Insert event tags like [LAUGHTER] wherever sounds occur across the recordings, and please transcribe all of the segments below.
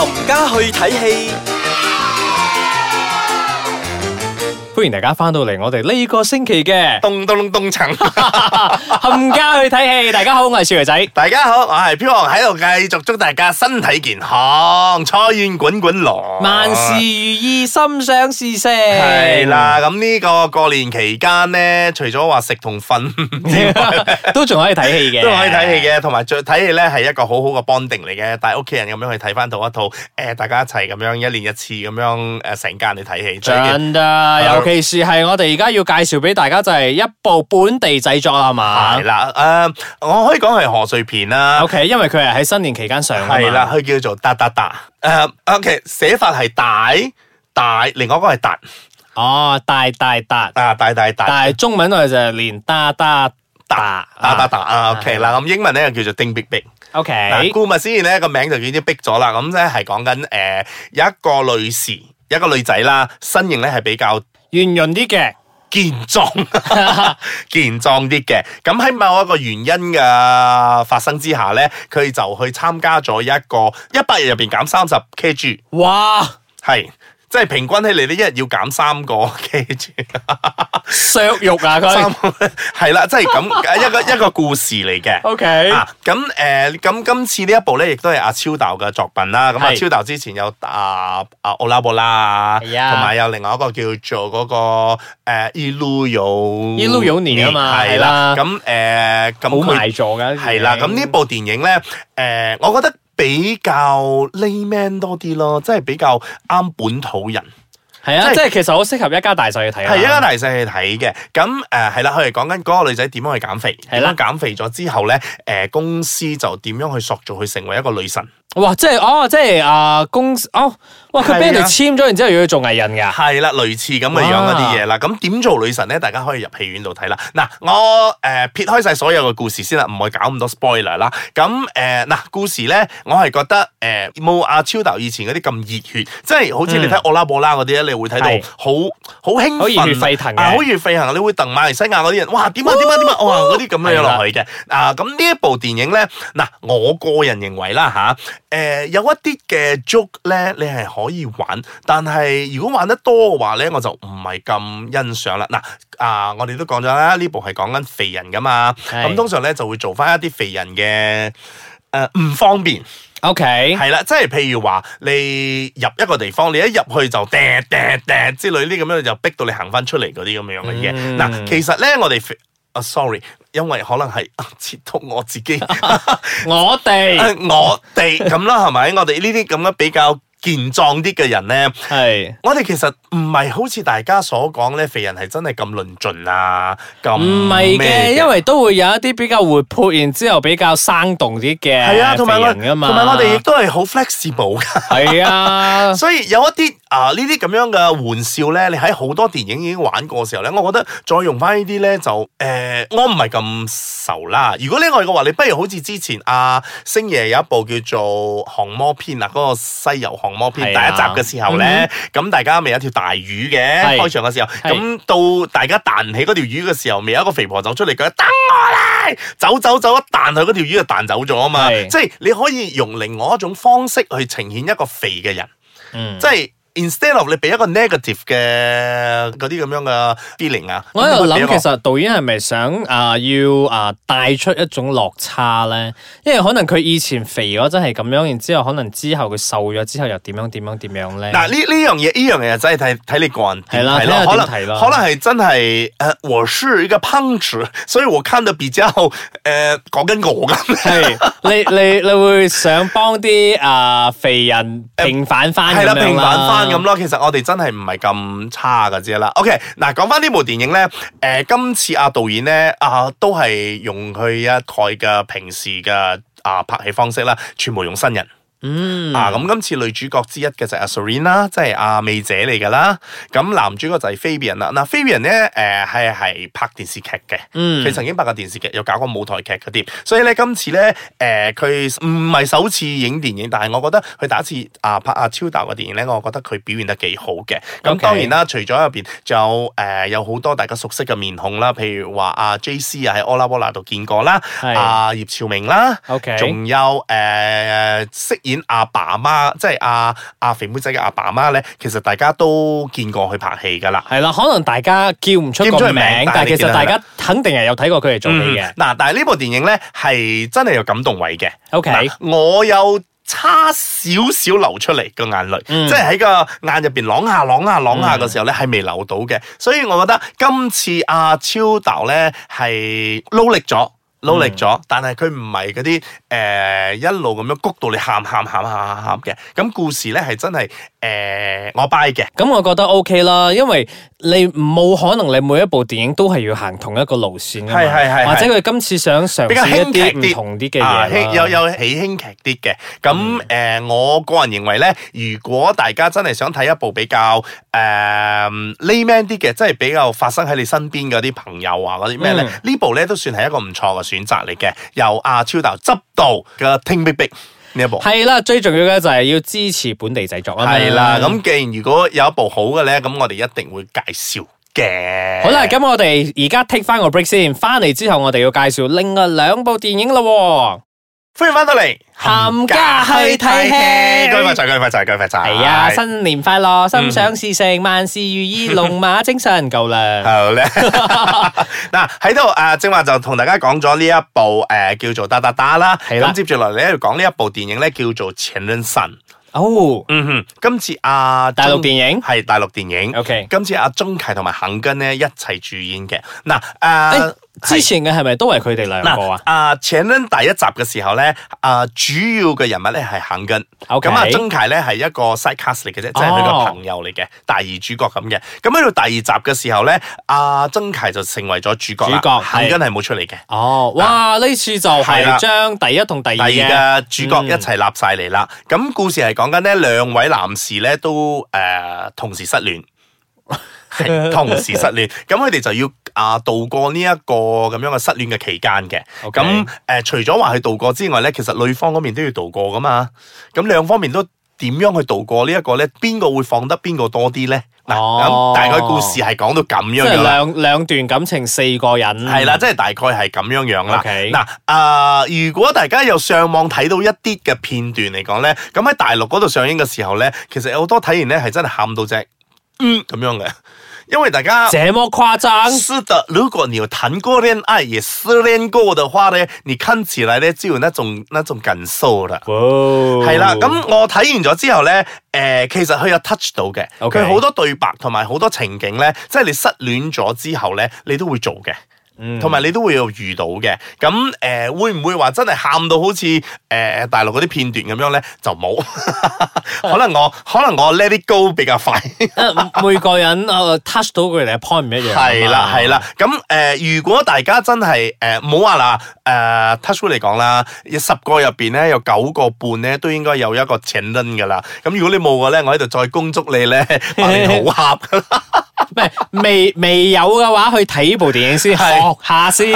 冚家去睇戲。歡迎大家翻到嚟我哋呢個星期嘅凍凍凍層冚家去睇戲。大家好，我係小肥仔。大家好，我係飄航喺度繼續祝大家身體健康，財源滾滾來，萬事如意，心想事成。係啦，咁呢個過年期間呢，除咗話食同瞓都仲可以睇戲嘅，都可以睇戲嘅。同埋，最睇戲咧係一個好好嘅 bonding 嚟嘅，帶屋企人咁樣去睇翻到一套誒，大家一齊咁樣一年一次咁樣誒，成家去睇戲，最近的。啊其時係我哋而家要介紹俾大家就係一部本地製作啦，係嘛？係啦，誒，我可以講係賀歲片啦。O K，因為佢係喺新年期間上嘅，係啦，佢叫做達達達。誒，O K，寫法係大大，另外一個係達。哦，大大達啊，大大達。但係中文我哋就連達達達達達啊。O K，嗱咁英文咧，就叫做 ding big big。O K，故物先呢個名就已經逼咗啦。咁咧係講緊誒，有一個女士，有一個女仔啦，身形咧係比較。圓潤啲嘅健壯，健壯啲嘅，咁 [LAUGHS] 喺某一個原因嘅發生之下呢，佢就去參加咗一個一百日入面減三十 kg，哇，係。即係平均起嚟咧，一日要減三個，記住削肉啊！佢係啦，即係咁一個一個故事嚟嘅。O K，咁誒，咁今次呢一部咧，亦都係阿超導嘅作品啦。咁阿超導之前有啊啊奧拉布啦，同埋有另外一個叫做嗰個誒伊魯魯伊魯魯年啊嘛，係啦。咁誒咁好賣座噶，係啦。咁呢部電影咧，誒，我覺得。比較 lay man 多啲咯，即係比較啱本土人，係啊，就是，即係其實好適合一家大細去睇啊，係一家大細去睇嘅咁誒係啦，佢哋講緊嗰個女仔點樣去減肥，點樣、啊、減肥咗之後咧誒、呃、公司就點樣去塑造佢成為一個女神。哇！即係哦，即係啊，公司哦，哇！佢俾人哋簽咗，然之後要去做藝人噶，係啦，類似咁嘅樣嗰啲嘢啦。咁點做女神咧？大家可以入戲院度睇啦。嗱，我誒撇開晒所有嘅故事先啦，唔會搞咁多 spoiler 啦。咁誒嗱，故事咧，我係覺得誒，冇阿超導以前嗰啲咁熱血，即係好似你睇《奧拉布拉》嗰啲咧，你會睇到好好興奮好熱血沸騰、好熱血沸騰。你會鄧馬來西亞嗰啲人，哇！點啊點啊點啊！哇！嗰啲咁樣樣落去嘅。啊，咁呢一部電影咧，嗱，我個人認為啦吓。誒、呃，有一啲嘅 joke 咧，你係可以玩，但係如果玩得多嘅話咧，我就唔係咁欣賞啦。嗱，啊，我哋都講咗啦，呢部係講緊肥人噶嘛，咁是通常咧就會做翻一啲肥人嘅誒唔方便。O K，係啦，即係譬如話你入一個地方，你一入去就掟掟掟之類啲咁樣，就逼到你行翻出嚟嗰啲咁樣嘅嘢。嗱、嗯，其實咧我哋啊、oh,，sorry。因為可能係切到我自己， [LAUGHS] 我哋，我哋咁啦，係咪？我哋呢啲咁樣比較。健壯啲嘅人咧，係是我哋其實唔係好似大家所講咧，肥人係真係咁論盡啊，咁唔係嘅，因為都會有一啲比較活潑，然之後比較生動啲嘅，係啊，同埋同埋我哋亦都係好 flexible 噶，係啊， [LAUGHS] 所以有一啲啊呢啲咁樣嘅玩笑咧，你喺好多電影已經玩過嘅時候咧，我覺得再用返呢啲咧就誒、呃，我唔係咁愁啦。如果呢個嘅話，你不如好似之前阿、啊、星爺有一部叫做《降魔篇》啊、那，個西遊降。龍貓第一集嘅時候咧，咁大家咪有條大魚嘅開場嘅時候，咁到大家彈起嗰條魚嘅時候，未有一個肥婆走出嚟，佢講，等我嚟，走走走，一彈去嗰條魚就彈走咗啊嘛，即係是你可以用另外一種方式去呈現一個肥嘅人，是就是、嗯，即係。instead of 你俾一個 negative 嘅嗰啲咁樣嘅 feeling 啊，我喺度諗其實導演係咪想啊要啊帶出一種落差咧？因為可能佢以前肥咗真係咁樣，然之後可能之後佢瘦咗之後又點樣點樣點樣咧？嗱呢呢樣嘢呢樣嘢就真係睇睇你個人係啦係啦，看看可能麼可能係真係誒、呃，我是一個胖子所以我看得比較誒講緊我咁。係你 [LAUGHS] 你你，你，你會想幫啲啊、呃、肥人平反翻 [LAUGHS] 平反啦？咁咯，嗯、其實我哋真係唔係咁差嘅啫啦。OK，嗱講翻呢部電影咧，誒、呃、今次阿導演咧啊、呃、都係用佢一貫嘅平時嘅啊、呃、拍戲方式啦，全部用新人。嗯，啊，咁今次女主角之一嘅就阿 Serene 啦，即係阿美姐嚟噶啦。咁男主角就係 Fabian 啦。嗱，Fabian 咧，誒係係拍電視劇嘅，嗯，佢曾經拍過電視劇，又搞過舞台劇嗰啲，所以咧今次咧，誒佢唔係首次影電影，但係我覺得佢第一次啊拍阿超達嘅電影咧，我覺得佢表現得幾好嘅。咁當然啦，除咗入邊仲有誒有好多大家熟悉嘅面孔啦，譬如話阿 J C 啊喺《a l l a l a》度見過啦，阿葉朝明啦，OK，仲有誒釋。阿、啊、爸媽，即係阿阿肥妹仔嘅阿爸媽咧，其實大家都見過佢拍戲噶啦，係啦，可能大家叫唔出個名，出名但係你 其實大家肯定係有睇過佢哋做戲嘅。嗱、嗯嗯，但係呢部電影咧係真係有感動位嘅。O Okay . K，、嗯、我有差少少流出嚟、嗯、個眼淚，即係喺個眼入邊啷下啷下啷下嘅時候咧，係、嗯、未流到嘅。所以我覺得今次阿超豆咧係努力咗。努力咗，但係佢唔係啲誒一路咁樣谷到你喊喊喊喊喊喊嘅。咁故事咧係真係誒、呃，我 buy 嘅。咁、嗯、我覺得 O、OK、K 啦，因為你冇可能你每一部電影都係要行同一個路線噶嘛係係係，是是是是，或者佢今次想上比較啲唔同啲嘅嘢啦。有有喜慶劇啲嘅。咁誒、嗯呃，我個人認為咧，如果大家真係想睇一部比較誒 layman 啲嘅，即、呃、係、就是、比較發生喺你身邊嗰啲朋友啊啲咩咧，呢,、嗯、呢部咧都算係一個唔錯嘅選擇嚟嘅，由阿超導執導嘅《聽逼逼》呢一部係啦，最重要嘅就係要支持本地製作啦。係啦的，咁、嗯、既然如果有一部好嘅咧，咁我哋一定會介紹嘅。好啦，咁我哋而家 take 翻個 break 先，翻嚟之後我哋要介紹另外兩部電影啦喎。歡迎翻到嚟，冚家去睇戲，恭喜發財，恭喜發財，恭喜發財！係啊，新年快樂，心想事成，萬事如意，龍馬精神夠靚。好叻！嗱，喺度誒，正話就同大家講咗呢一部誒叫做《大大噠》啦。係咁接住落嚟咧，就講呢一部電影咧，叫做《前任3》。哦，嗯哼，今次阿大陸電影係大陸電影。O K.，今次阿鐘奇同埋肯根咧一齊主演嘅。嗱誒。之前嘅係咪都係佢哋兩個啊？啊，前任、呃、第一集嘅時候咧，啊、呃、主要嘅人物咧係肯根。咁啊，曾凱咧係一個 side cast 嚟嘅啫，oh. 即係佢個朋友嚟嘅，第二主角咁嘅。咁喺度第二集嘅時候咧，阿、呃、曾凱就成為咗主角。主角肯根係冇出嚟嘅。是哦，哇，呢、啊、次就係將第一同第二嘅主角一齊立晒嚟啦。咁、嗯、故事係講緊呢兩位男士咧都誒同時失戀，同時失戀，咁佢哋就要。啊，渡過呢一個咁樣嘅失戀嘅期間嘅，咁誒 Okay.、呃，除咗話去渡過之外咧，其實女方嗰邊都要渡過噶嘛，咁兩方面都點樣去渡過呢一個咧？邊個會放得邊個多啲咧？嗱、哦、咁、啊、大概故事係講到咁樣嘅，即係兩兩段感情四個人，係啦，即、就、係、是、大概係咁樣樣啦。嗱 Okay.、啊、啊、呃，如果大家又上網睇到一啲嘅片段嚟講咧，咁喺大陸嗰度上映嘅時候咧，其實有好多睇完咧係真係喊到只嗯咁樣嘅。因為大家這麼誇張，是的，如果你有談過戀愛，也失戀過的話咧，你看起來咧就有那種那種感受啦。哦 Whoa.，係啦，咁我睇完咗之後咧，誒、呃，其實佢有 touch 到嘅，佢好 Okay. 多對白同埋好多情景咧，即係你失戀咗之後咧，你都會做嘅。同埋、嗯、你都會有遇到嘅，咁誒、no. 會唔會話真係喊到好似誒大陸嗰啲片段咁樣咧？就冇，可能我可能我 let it go 比較快。每個人我 touch 到佢哋嘅 point 唔一樣。係啦係啦，咁誒如果大家真係唔好話嗱誒 touch 嚟講啦，有十個入邊咧有九個半咧都應該有一個 chill 噶啦。咁如果你冇嘅咧，我喺度再恭祝你咧百年好合。唔係未未有嘅話，去睇呢部電影先係。學下先，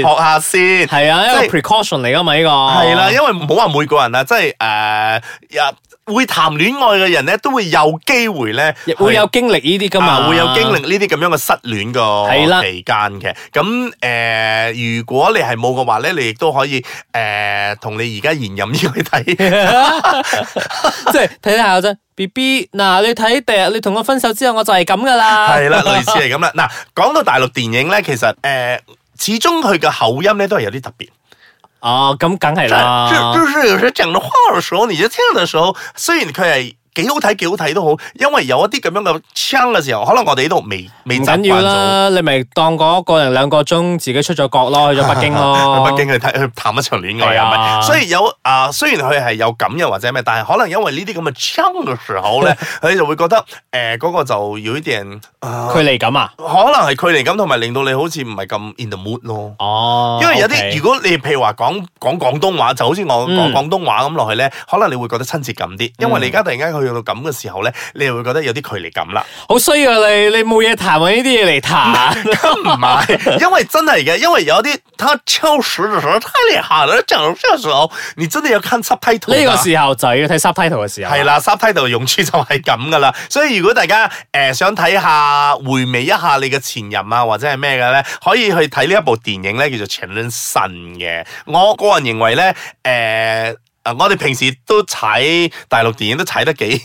[LAUGHS] 學下先，係啊，一個 precaution 嚟噶嘛呢個，係啦是、啊啊，因為唔好話每個人啦，即係誒一。呃會談戀愛嘅人咧，都會有機會咧、啊，會有經歷呢啲噶嘛，會有經歷呢啲咁樣嘅失戀嘅期間嘅。咁誒的、呃，如果你係冇嘅話咧，你亦都可以誒，同、呃、你而家現任呢去睇， [LAUGHS] [LAUGHS] [LAUGHS] [LAUGHS] 即係睇睇下先。B B，嗱你睇第日你同我分手之後，我就係咁噶啦。係 [LAUGHS] 啦，類似係咁啦。嗱、啊，講到大陸電影咧，其實誒、呃，始終佢嘅口音咧都係有啲特別。哦，咁梗係啦。就是、就是有時候講嘅話的時候，你就聽的時候，所以你可以。幾好睇，幾好睇都好，因為有一啲咁樣嘅 charge 嘅時候，可能我哋呢度未未習慣咗。唔緊要啦，你咪當嗰個人兩個鐘自己出咗國咯，去咗北京咯，去 [LAUGHS] 北京去睇去談一場戀愛啊！呀所以有啊、呃，雖然佢係有咁又或者咩，但係可能因為呢啲咁嘅 charge 嘅時候咧，佢 [LAUGHS] 就會覺得誒嗰、呃那個就有一啲人、呃、 [LAUGHS] 距離感啊，可能係距離感同埋令到你好似唔係咁 in the mood 咯。哦，因為有啲 okay. 如果你譬如話講講廣東話，就好似我講廣東話咁落去咧，嗯、可能你會覺得親切感啲，因為你而家突然間去到咁嘅時候咧，你又會覺得有啲距離感啦。好衰啊！你你冇嘢談，搵呢啲嘢嚟談。唔係，因為真係嘅，因為有啲太你真係有看濕梯圖。呢個時候就要睇濕梯圖嘅時候，啊。係啦，濕梯圖用處就係咁噶啦。 [LAUGHS] 所以如果大家誒、呃、想睇下回味一下你嘅前任啊，或者係咩嘅咧，可以去睇呢一部電影咧，叫做《前任神》嘅。我個人認為咧，誒、呃。誒，我哋平時都踩大陸電影，都踩得幾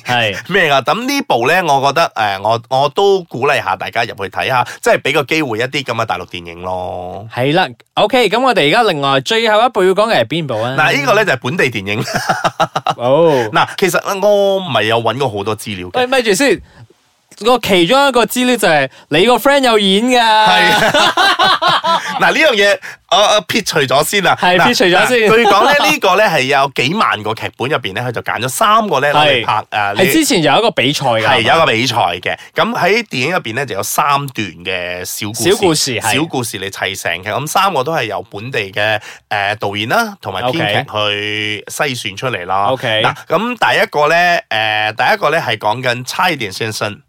咩噶？咁是呢部咧，我覺得誒、呃，我我都鼓勵下大家入去睇下，即係俾個機會一啲咁嘅大陸電影咯。係啦，OK，咁我哋而家另外最後一部要講嘅係邊部咧？嗱、啊，這個、呢個咧就係、是、本地電影。哦，嗱，其實我唔係有揾過好多資料。喂，咪住先。個其中一個資料就係你個 friend 有演噶，嗱呢樣嘢我我撇除咗先啊，係撇除咗先。佢講咧呢個咧係有幾萬個劇本入邊咧，佢就揀咗三個咧嚟拍誒。係、啊、之前有一個比賽噶，係有一個比賽嘅。咁喺電影入邊咧就有三段嘅小故事，小故事嚟砌成嘅。咁三個都係由本地嘅誒、呃、導演啦、啊，同埋編劇去篩選出嚟啦。嗱咁、okay. okay. 第一個咧，誒第一個咧係講緊差一點先生。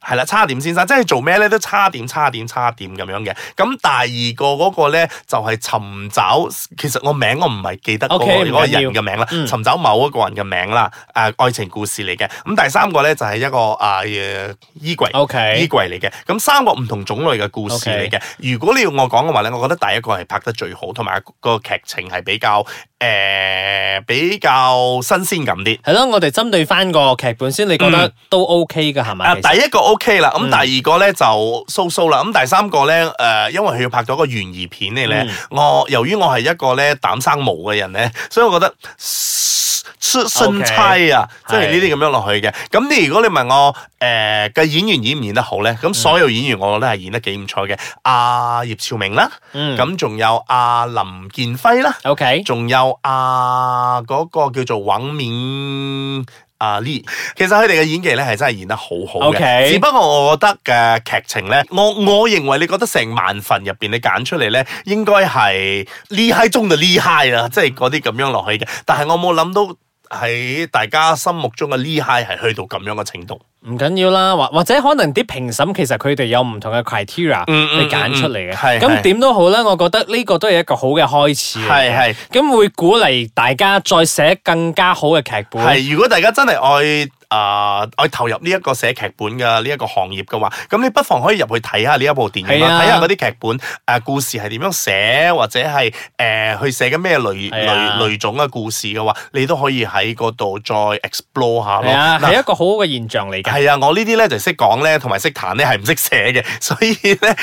係啦，差點先生，即係做咩咧都差點、差點、差點咁樣嘅。咁第二個嗰個咧就係、是、尋找，其實我名我唔係記得嗰、那個 okay, 人嘅名啦。嗯、尋找某一個人嘅名啦，誒、啊、愛情故事嚟嘅。咁第三個咧就係、是、一個誒、啊啊、衣櫃，Okay. 衣櫃嚟嘅。咁三個唔同種類嘅故事嚟嘅。Okay. 如果你要我講嘅話咧，我覺得第一個係拍得最好，同埋個劇情係比較誒、呃、比較新鮮咁啲。係咯，我哋針對翻個劇本先，你覺得都 OK 噶係咪？ [LAUGHS] 第一個。O K 啦，咁 Okay,、嗯、第二個咧就蘇蘇啦，咁第三個咧誒、呃，因為佢拍咗個懸疑片嚟咧，嗯、我由於我係一個咧膽生毛嘅人咧，所以我覺得新妻啊，即係呢啲咁樣落去嘅。咁你是如果你問我誒嘅、呃、演員演唔演得好咧？咁所有演員我覺得係演得幾唔錯嘅。阿葉朝明啦，咁仲、嗯、有阿、啊、林建輝啦，O K，仲有阿、啊、嗰、那個叫做搵面。阿 Lee 其實佢哋嘅演技咧係真係演得好好嘅，Okay. 只不過我覺得嘅啊、劇情咧，我我認為你覺得成萬份入邊你揀出嚟咧，應該係厲害中嘅厲害啦，即係嗰啲咁樣落去嘅，但係我冇諗到。喺大家心目中嘅呢下係去到咁樣嘅程度，唔緊要啦，或或者可能啲評審其實佢哋有唔同嘅 criteria 去揀、嗯、出嚟嘅。咁點都好咧，的我覺得呢個都係一個好嘅開始，係係的，咁，的會鼓勵大家再寫更加好嘅劇本。係的，如果大家真係愛。啊！我投入呢一個寫劇本嘅呢一個行業嘅話，咁你不妨可以入去睇下呢一部電影，睇下嗰啲劇本誒故事係點樣寫，或者係誒去寫緊咩類類類種嘅故事嘅話，你都可以喺嗰度再 explore 下咯。係一個好好嘅現象嚟嘅。係啊，我呢啲咧就識講咧，同埋識彈咧，係唔識寫嘅，所以咧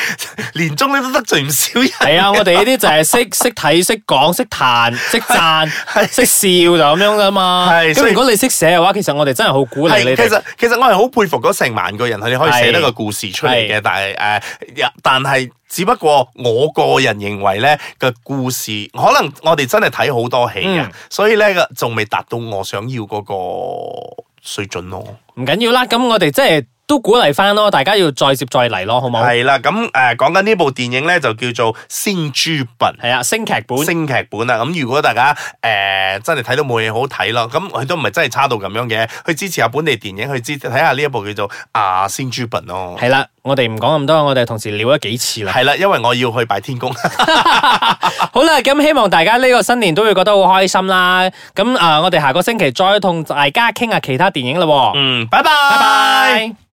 年中咧都得罪唔少人。係啊，我哋呢啲就係識識睇、識講、識彈、識讚、識笑就咁樣啫嘛。係。咁如果你識寫嘅話，其實我哋真係好。係，其實其實我係好佩服嗰成萬個人佢哋可以寫得個故事出嚟嘅，呃，但係誒，但係只不過我個人認為咧個故事，可能我哋真係睇好多戲啊，嗯、所以咧個仲未達到我想要嗰個水準咯。唔緊要啦，咁我哋即係。都鼓勵翻咯，大家要再接再厲咯，好冇？係啦，咁、呃、誒，講緊呢部電影咧，就叫做《仙珠品》，係啊，星劇本，星劇本啊！咁如果大家誒、呃、真係睇到冇嘢好睇咯，咁佢都唔係真係差到咁樣嘅，去支持下本地電影，去支睇下呢一部叫做《啊仙珠品》咯。係啦，我哋唔講咁多，我哋同時聊咗幾次啦。係啦，因為我要去拜天公。哈哈 [LAUGHS] [LAUGHS] 好啦，咁希望大家呢個新年都會覺得好開心啦。咁誒、呃，我哋下個星期再同大家傾下其他電影啦。嗯，拜拜，拜拜。